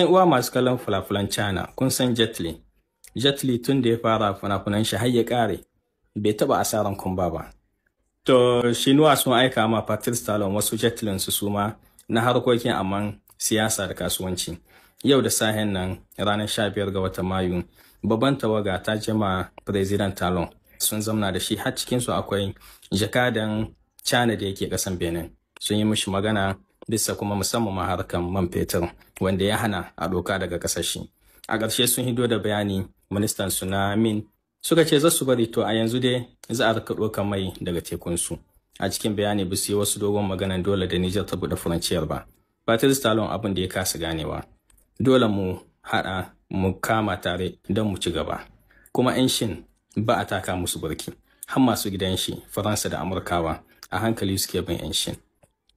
'yan uwa masu kallon fulafulan China kun san jetli jetli tun da ya fara funafunan shi har ya kare bai taba asaran kumba ba. To shi nuwa sun aika ma Patrick Talon wasu Jetlin su suma na harkokin amman siyasa da kasuwanci. Yau da sahen nan ranar 15 ga watan Mayu babban tawaga ta jama President Talon sun zamna da shi har cikinsu akwai jakadan China da yake kasan Benin. Sun yi mishi magana bisa kuma musamman ma man fetur wanda ya hana a doka daga kasashe a ƙarshe sun hido da bayani ministan su suka ce za su bari to a yanzu dai za a rika ɗaukar mai daga tekunsu a cikin bayani ba su yi wasu dogon maganan dole da Nijar ta buɗe furanciyar ba Patrice Talon abin da ya kasa ganewa dole mu haɗa mu kama tare don mu ci gaba kuma 'yan shin ba a taka musu burki har masu gidan shi faransa da amurkawa a hankali suke bin 'yan shin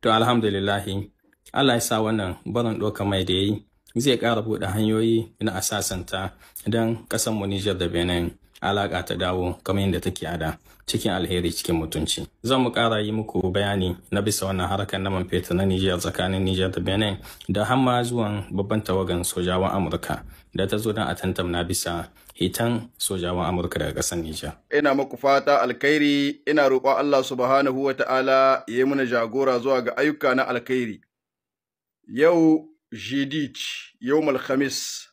to alhamdulillahi Allah ya sa wannan barin ɗaukar mai da ya yi zai ƙara buɗe hanyoyi na asasanta don mu Nijar da Benin alaƙa ta dawo kamar yadda take a da cikin alheri cikin mutunci. Zan mu ƙara yi muku bayani na bisa wannan harkar na man fetur na Nijar tsakanin Nijar da Benin da hamma zuwan babban tawagan sojawan Amurka da ta zo don a na bisa hitan sojawan Amurka daga ƙasar Nijar. Ina muku fata alkhairi, ina roƙo Allah subhanahu wa ta'ala ya yi mana jagora zuwa ga ayyuka na alkhairi. Yau Jidit, yau Malhamis,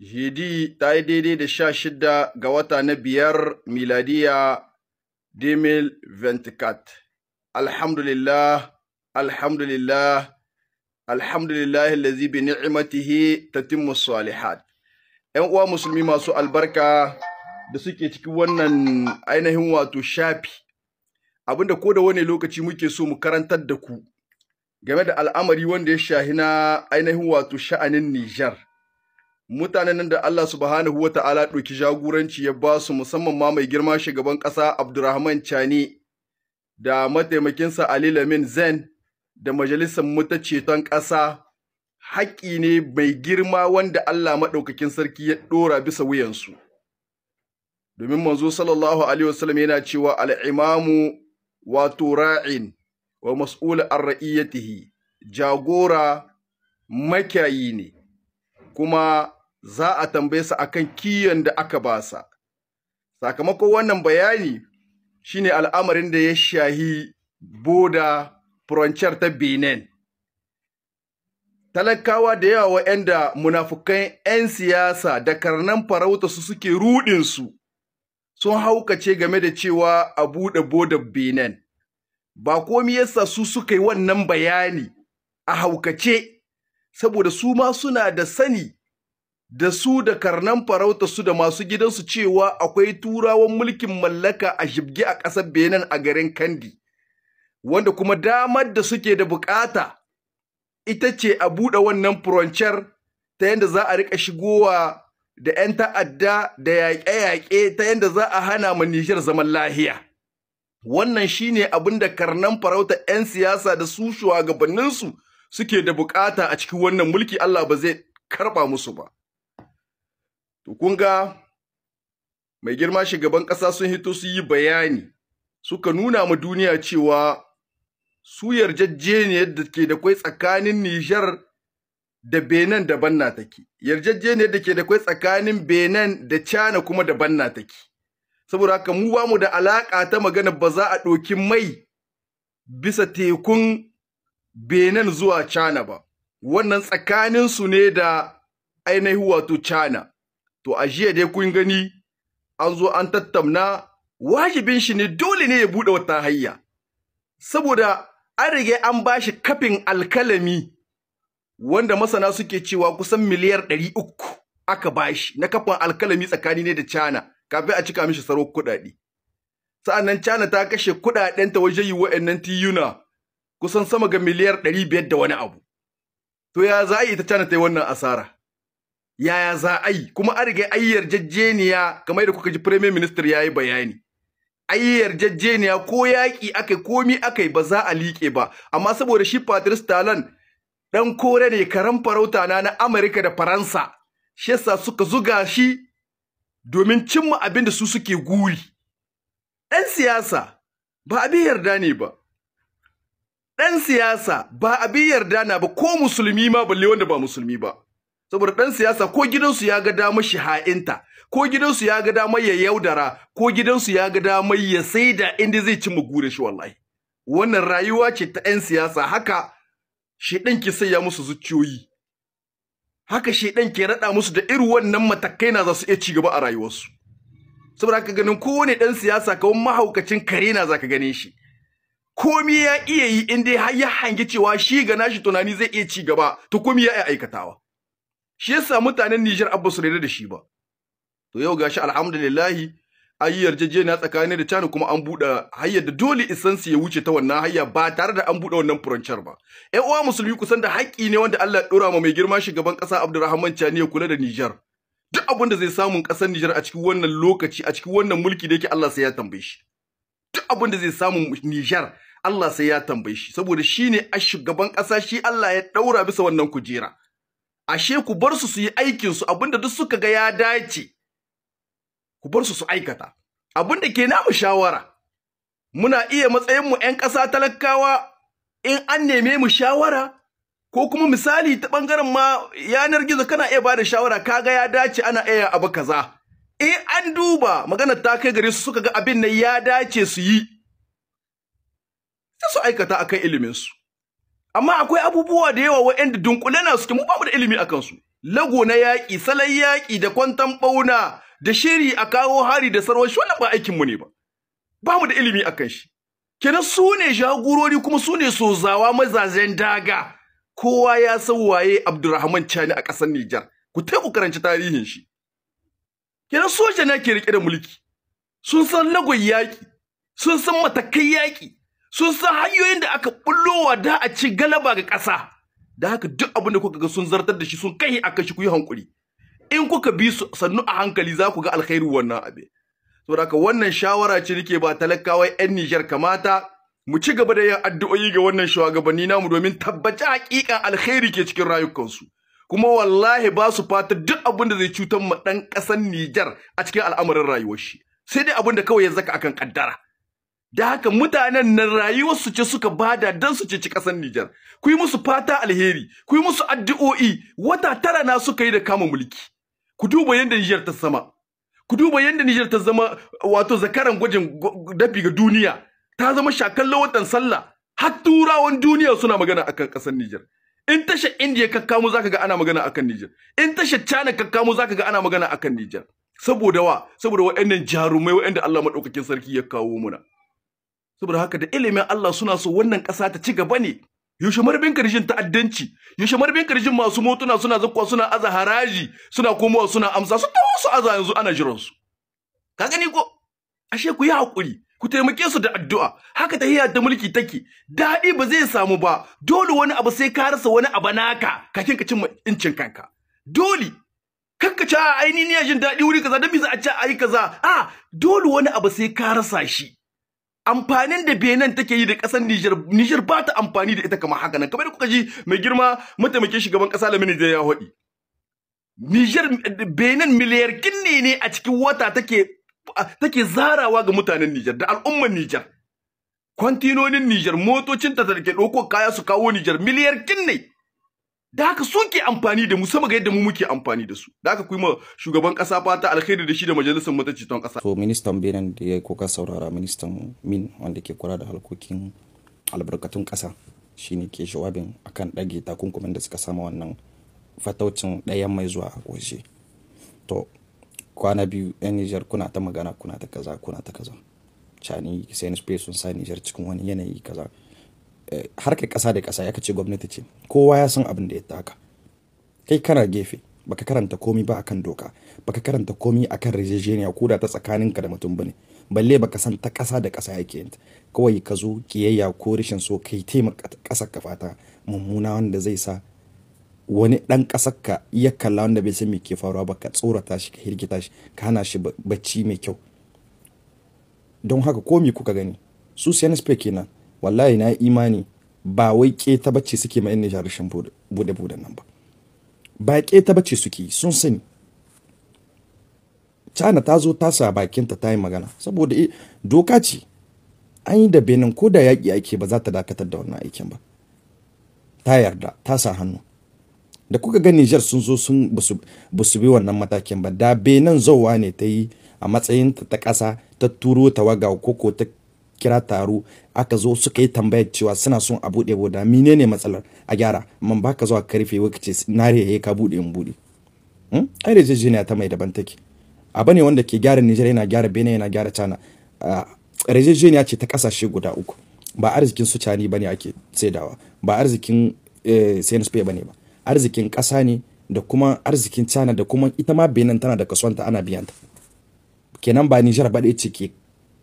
Jidi ta yi daidai da sha shida ga wata na biyar miladiya Demil Ventikat. Alhamdulillah, alhamdulillah, alhamdulillah, lazi bi ni'imatihi tatimmu salihat. 'yan uwa musulmi masu albarka da suke cikin wannan ainihin wato shafi abinda ko da wani lokaci muke so mu karantar da ku game da al'amari wanda ya shahi na ainihin wato sha'anin Nijar. Mutanen nan da Allah subhanahu wa ta'ala ɗauki jagoranci ya ba su musamman ma mai girma shugaban ƙasa Abdurrahman Chani da mataimakinsa Ali Lamin Zen da majalisar mutaceton ƙasa haƙƙi ne mai girma wanda Allah maɗaukakin sarki ya ɗora bisa wuyansu. Domin manzo sallallahu Alaihi wasallam yana cewa al'imamu wato ra'in wa mas'ula an ra'iyyatihi jagora makiyayi ne, kuma za a tambaye sa akan kiyon da aka basa. Sakamakon wannan bayani shine al'amarin da ya shahi boda furancar ta Benin. talakawa da yawa waɗanda munafukan 'yan siyasa da karnan farauta su suke ruɗinsu sun haukace game da cewa a buɗe bodar benin ba komi yasa su suka yi wannan bayani a haukace saboda su ma suna da sani da su da karnan farauta su da masu gidansu cewa akwai turawan mulkin mallaka a shibge a ƙasar benin a garin kandi wanda kuma damar da suke da buƙata. ita ce a buɗe wannan furancar ta yadda za a riƙa shigowa da 'yan ta'adda da yaƙe-yaƙe ta yadda za a hana ma Nijar zaman lahiya. Wannan shi ne abin da karnan farauta 'yan siyasa da su shugabanninsu suke da bukata a cikin wannan mulki Allah ba zai karɓa musu ba. To ga mai girma shugaban ƙasa sun hito su yi bayani suka nuna ma duniya cewa su yarjejeniyar da ke da kwai tsakanin Nijar da Benin da Banna take yarjejeniyar da ke da kwai tsakanin Benin da China kuma da Banna take saboda haka mu bamu da alaka ta magana ba za a ɗauki mai bisa tekun Benin zuwa China ba wannan tsakanin su ne da ainihin wato China to a jiya dai kun gani an zo an tattauna wajibin shi ne dole ne ya buɗe wata hayya saboda an rige an ba shi kafin alkalami wanda masana suke cewa kusan miliyar ɗari uku aka bashi na kafin alkalami tsakani ne da cana, kafin a cika mishi saro kuɗaɗe. Sannan cana ta kashe kuɗaɗenta wajen yi wa'annan tiyuna kusan sama ga miliyar ɗari biyar da wani abu. To ya za a yi ita cana ta yi wannan asara? Yaya za a yi? Kuma an riga ayyar yarjejeniya kamar da kuka ji Firayim Ministir ya yi bayani. ai yarjejeniya ko yaƙi akai komi akai ba za a liƙe ba amma saboda shi Patrice Talon dan kore ne karan farauta na na Amerika da Faransa shi yasa suka zuga shi domin cimma abin da su suke guri dan siyasa ba abin yarda ne ba dan siyasa ba abin yarda na ba ko musulmi ma balle wanda ba musulmi ba saboda ɗan siyasa ko gidansu ya ga damar shi ha'inta ko gidansu ya ga damar ya yaudara ko gidansu ya ga damar ya saida inda zai ci gure shi wallahi wannan rayuwa ce ta 'yan siyasa haka shedan ke sai ya musu zuciyoyi haka shedan ke raɗa musu da iri wannan matakai na za su iya ci gaba a rayuwarsu saboda haka ganin kowane ɗan siyasa kawai mahaukacin kare na za ka gane shi komi ya iya yi in dai ya hangi cewa shi ga nashi tunani zai iya ci gaba to komi ya iya aikatawa shi yasa mutanen Niger abba su da shi ba to yau gashi alhamdulillahi ayi yi yarjejeniya tsakanin da China kuma an buɗe hayyar da dole isansu ya wuce ta wannan hayya ba tare da an buɗe wannan furancar ba. ‘Yan uwa musulmi kusan da haƙi ne wanda Allah ya ɗora ma mai girma shugaban ƙasa Abdulrahman Chani ya kula da Niger. Duk abin da zai samun ƙasar Niger a cikin wannan lokaci a cikin wannan mulki da yake Allah sai ya tambaye shi. Duk abin da zai samun Niger Allah sai ya tambaye shi saboda shi ne a shugaban ƙasa shi Allah ya ɗaura bisa wannan kujera. Ashe ku bar su su yi aikinsu abinda duk suka ga ya dace. ku bar su su aikata abin da ke namu shawara muna iya matsayinmu 'yan ƙasa talakawa in an neme mu shawara ko kuma misali ta ɓangaren ma yanar gizo kana iya da shawara kaga ya dace ana iya abu kaza in an duba maganar ta kai gare su suka ga abin nan ya dace su yi sai su aikata a kan su amma akwai abubuwa da yawa waɗanda dunkule na suke mu mu da ilimi a kansu. lago na yaƙi salai yaƙi da kwantan ɓauna da shiri a kawo hari da shi wannan ba aikin mu ne ba ba mu da ilimi akan shi kenan su ne jagurori kuma su ne sozawa mazazen daga kowa ya san waye Abdulrahman Chani a ƙasar Nijar ku ta ku karanci tarihin shi kenan soja ne ke rike da mulki sun san lagon yaƙi sun san matakai yaƙi sun san hanyoyin da aka bullowa da a ci galaba ga ƙasa da haka duk abin da kuka ga sun zartar da shi sun kai akan shi ku yi hankuri in kuka bi su sannu a hankali za ku ga alkhairu wannan abin saboda haka wannan shawara ce nake ba talakawai yan Nijar kamata mu ci gaba da yin addu'o'i ga wannan shugabanni namu domin tabbaci hakikan alkhairi ke cikin rayukansu kuma wallahi ba su fata duk abin da zai cutar ma dan ƙasar Nijar a cikin al'amarin rayuwar shi sai dai abin da kawai ya zaka akan kaddara da haka mutanen nan su ce suka bada dan su cici ƙasar Nijar. Ku yi musu fata alheri, ku yi musu addu'o'i, wata tara na suka yi da kama mulki. ku duba yadda Niger ta sama ku duba yadda Niger ta zama wato zakaran gwajin dafi ga duniya ta zama shakan watan sallah har turawan duniya suna magana akan kasar Nijar. in tasha India ka za zaka ga ana magana akan Niger in tasha China ka za zaka ga ana magana akan Nijar. saboda wa saboda waɗannan jarumai waɗanda Allah madaukakin sarki ya kawo muna saboda haka da ilimin Allah suna so wannan ƙasa ta ci gaba ne yaushe marbin karshen ta'addanci yaushe marbin karshen masu motuna suna zakkuwa suna aza haraji suna komowa suna amsa su ta wasu aza yanzu ana jiran su ka gani ko ashe ku yi hakuri ku taimake su da addu'a haka ta tahiyya da mulki take daɗi ba zai samu ba dole wani abu sai ka rasa wani abu naka kakin ka cimma incin kanka dole kanka ci a ainihin jin daɗi wuri kaza don bisa a ci a yi kaza a dole wani abu sai ka rasa shi amfanin da Benin take yi da kasar Niger Niger ba ta amfani da ita kamar haka nan kamar kuka ji mai girma mataimakin shugaban kasa da da ya hodi Niger Benin miliyar kinne ne a cikin wata take take zarawa ga mutanen Niger da al'ummar Niger kwantinonin Niger motocin ta da ke kaya su kawo Niger miliyar kinne da haka suke amfani da mu sama ga yadda mu muke amfani da su da haka kuma shugaban kasa fata alkhairi da shi da majalisar matacitan kasa so ministan benin da ya koka saurara ministan min wanda ke kula da harkokin albarkatun kasa shine ke jawabin akan dage takunkumin da suka sama wannan fataucin ɗayan mai zuwa a waje to kwana biyu yan nijar kuna ta magana kuna ta kaza kuna ta kaza cani sai sun sa nijar cikin wani yanayi kaza harkar ƙasa da ƙasa ya kace gwamnati ce kowa ya san abin da ya taka kai kana gefe baka karanta komi ba akan doka baka karanta komi akan rejejeniya ko da ta tsakaninka da mutum bane balle baka san ta ƙasa da ƙasa yake yin kawai ka zo kiyayya ko rashin so kai taimaka ƙasar ka fata mummuna wanda zai sa wani ɗan ƙasar ka iya kalla wanda bai san me ke faruwa ba ka tsorata shi ka hirgita shi ka hana shi bacci mai kyau don haka komi kuka gani su CNSP kenan wallahi na imani ba wai keta bacci suke ma ne nijar bude budan nan ba ba keta bacci suke sun sani cana ta zo ta sa bakinta ta yi magana saboda eh, doka ce an yi da benin ko da yaƙi ake ba za ta dakatar da wannan aikin ba ta yarda ta sa hannu da kuka ga Nijar sun zo sun busu bi wannan matakin ba da benin zauwa ne ta yi a matsayin ta ƙasa ta turo tawaga ko ta kira taro aka zo suka yi tambayar cewa suna son a bude boda ne matsalar a gyara man ba ka zuwa karfe wa kace nare yayi ka bude in buɗe hmm? ai rejejeniya ta mai daban take abu ne wanda ke gyara Nijar yana gyara Benin yana gyara China rejejeniya ce ta kasashe guda uku ba arzikin su cani bane ake saidawa ba arzikin eh, sayan spain bane ba arzikin ƙasa ne da kuma arzikin cana da kuma ita ma Benin tana da kasuwanta ana biyanta kenan ba Nijar ba ce ke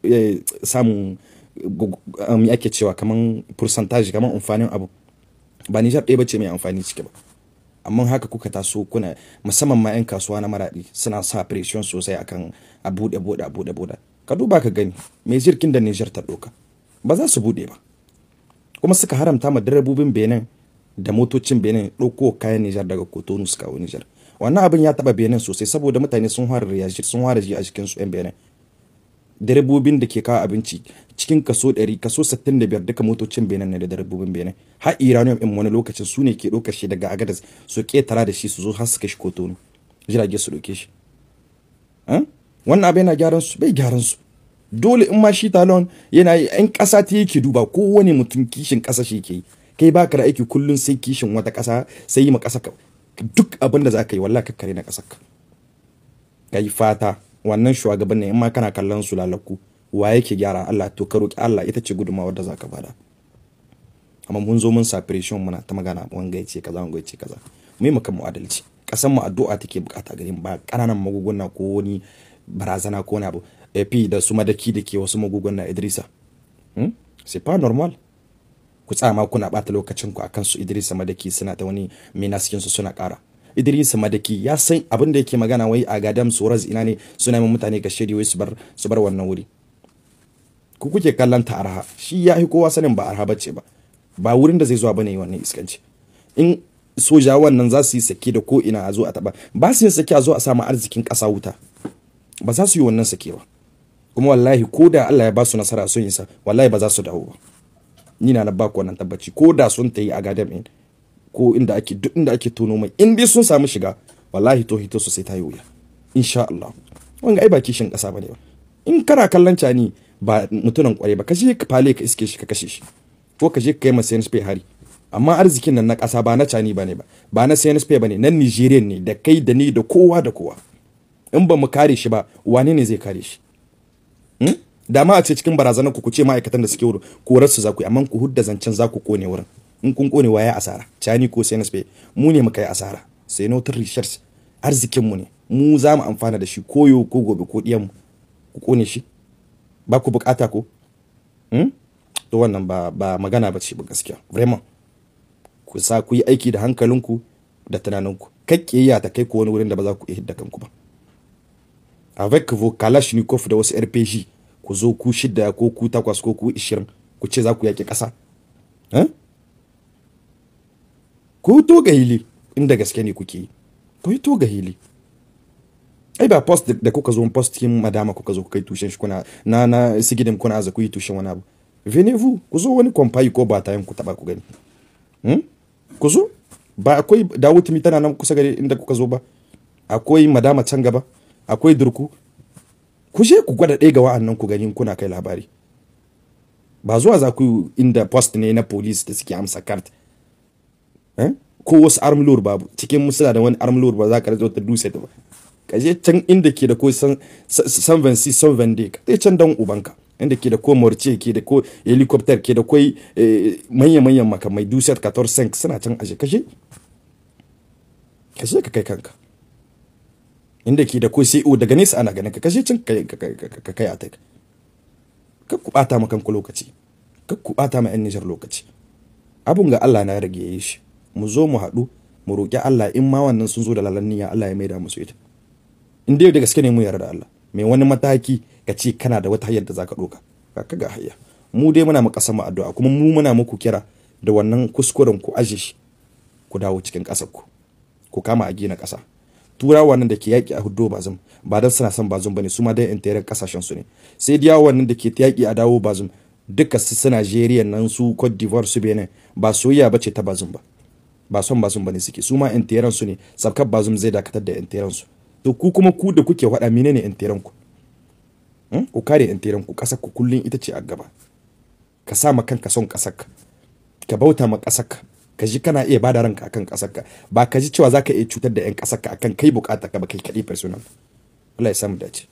Eh, samun me um, ake cewa kaman percentage kaman amfanin abu ba Nijar ɗaya bace mai amfani ciki ba amma haka kuka taso kuna musamman ma 'yan kasuwa na maraɗi suna sa pression sosai akan a buɗe buɗe a buɗe buɗe ka duba ka gani me jirgin da Nijar ta ɗauka ba za su buɗe ba kuma suka haramta ma direbobin Benin da motocin Benin ɗauko kayan Nijar daga Kotonu suka kawo Nijar wannan abin ya taba Benin sosai saboda mutane sun fara riyajir sun fara ji a jikinsu 'yan Benin direbobin da ke kawo abinci cikin kaso 100 kaso 65 duka motocin benin ne da direbobin benin har iranium in wani lokacin su ne ke ɗaukar shi daga agadas su ketara da shi su zo har su kai kotonu jirage su ɗauke shi wannan abin yana gyaran su bai gyaran su dole in ma shi talon yana yi yan ƙasa ta yake duba ko wani mutum kishin ƙasa shi ke yi kai baka da aiki kullum sai kishin wata ƙasa sai yi ma ƙasa duk abin da za ka yi wallahi kakkare na ƙasa ka yi fata wannan shugaban ne in ma kana kallon su lalaku wa yake gyara Allah to ka roki Allah ita ce gudunmawar da zaka bada amma mun zo mun separation muna ta magana wanga yace kaza kaza mu yi mu adalci kasan mu addu'a take bukata gare mu ba kananan maguguna ko wani barazana ko ni abu da su madaki da ke wasu maguguna Idrisa hmm? c'est pas normal ku tsama kuna bata lokacin ku akan su Idrisa madaki suna ta wani menasikin su suna kara Idris Madaki ya san abin da yake magana wai a Gadam Suraz ina ne suna min mutane ga shedi wai su bar wannan wuri ku kuke kallon ta arha shi ya yi kowa sanin ba arha bace ba ba wurin da zai zuwa bane wannan iskanci in soja wannan za su yi sake da ko ina a zo a taba ba su yin sake a zo a samu arzikin ƙasa wuta ba za su yi wannan sake ba kuma wallahi ko da Allah ya ba su nasara sun yi sa wallahi ba za su dawo ba ni na ba ku wannan tabbaci ko da sun ta yi a gadam ɗin. ko inda ake duk inda ake tono mai in dai sun samu shiga wallahi to hito su sai ta yi wuya insha Allah wanga ai ba kishin kasa bane ba in kara kallon cani ba mutunan kware ba kaje ka fale ka iske shi ka kashe shi ko ka ka kai masa yan hari amma arzikin nan na kasa ba na cani bane ba ba na sayan bane nan Nigerian ne da kai da ni da kowa da kowa in ba mu kare shi ba wane ne zai kare shi hmm? da a ce cikin barazanar ku ku ce ma'aikatan da suke wurin korar su za ku yi amma ku hudda zancen za ku kone wurin in kun kone waye asara cani ko sai mu ne muka yi asara sai wutar research arzikin mu ne mu za mu amfana da shi koyo ko gobe ko diyan ku kone shi ba ku bukata ko hmm? to wannan ba ba magana ba ce ba gaskiya vraiment ku sa ku yi aiki da hankalinku da tunaninku kakkiyayya ta kai ku wani wurin da ba za ku iya hidda kanku ba avec vos kalashnikov da wasu rpg ku zo ku shidda ko ku takwas ko ku ishirin ku ce za ku yaƙi ƙasa ko yi toga hili inda gaske ne kuke yi ku yi toga hili ai ba post da kuka zo post kin madama kuka zo kai tushen shi kuna na na sigidin kuna za ku yi tushen wani abu venevu ku zo wani kwamfayi ko ba tayin ku taba ku gani hmm? ku zo ba akwai dawo timi tana nan kusa gari inda kuka zo ba akwai madama can gaba akwai durku ku je ku gwada ɗaya ga wa'annan ku gani kuna kai labari ba zuwa za ku inda post ne na police da suke amsa kart Eh? ko wasu armlor babu cikin musula da wani armlor ba za ka rantsa ta dusa ta ba ka je can inda ke da ko san van si san vande ka je can dan ubanka inda ke da ko morce ke da ko helicopter ke da ko eh, manyan manyan makamai dusar 14 suna can aje ka je ka kai kanka inda ke da ko o daga nesa ana ganin ka kashe can ka kai a tai ka ku bata ma kanku lokaci ka kubata ma yan Nijar lokaci abun ga Allah na rage yi shi mu zo mu haɗu mu roƙi Allah in ma wannan sun zo da lalanni ya Allah ya maida musu ita in dai da gaske ne mu yarda Allah mai wani mataki ka ce kana da wata hayar da zaka doka ka ga hayya mu dai muna mu ƙasar mu addu'a kuma mu muna muku kira da wannan kuskuren ku aje shi ku dawo cikin ƙasar ku ku kama a gina ƙasa tura nan da ke yaƙi a hudu bazum ba dan suna son bazum bane su ma dai intayarin ƙasashen su ne sai dai nan da ke yaƙi a dawo bazum duka su Najeriya nan su Cote d'Ivoire su Benin ba soyayya bace ta bazum ba ba son bazum bane suke su ma yan su ne sabkar bazum zai dakatar da yan su to ku kuma ku da kuke faɗa menene yan teran ku hmm? ku kare yan ku kasar ku kullun ita ce a gaba ka sa ma kanka son ƙasar ka ka bauta ma ƙasar ka ji kana iya bada ranka akan ƙasar ka ba ka ji cewa zaka iya cutar da yan ƙasar ka akan kai bukata ka ba kai kadi personal Allah ya samu dace.